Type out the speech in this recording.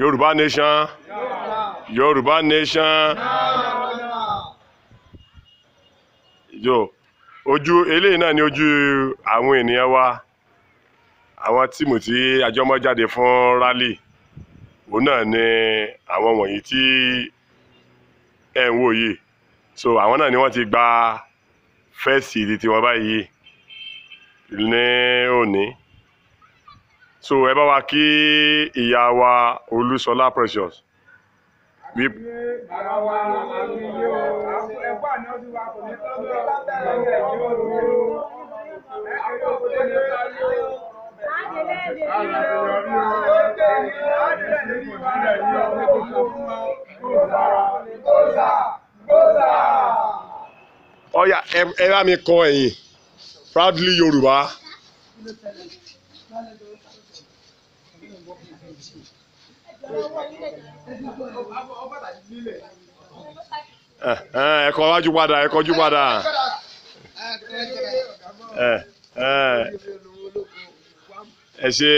Yorùbá nation Yorùbá nation yo ojú eléyìí náà ni ojú àwọn ènìyàn wa àwọn tíìmù tí àjọmọ jáde fún rally òun náà ni àwọn wọ̀nyí tí ẹ̀ ń wò so àwọn náà ni wọ́n ti gba fẹ́ẹ̀sì ti tiwọn báyìí ní òní so ẹ bá wa kí ìyá wa olúṣọlá precious. Bí ọ̀ya ẹ bá mi kọ ẹ̀yìn proudly Yorùbá. Eh, eh, ẹ kọjú padà ẹ kọjú padà eh, ẹ ṣe.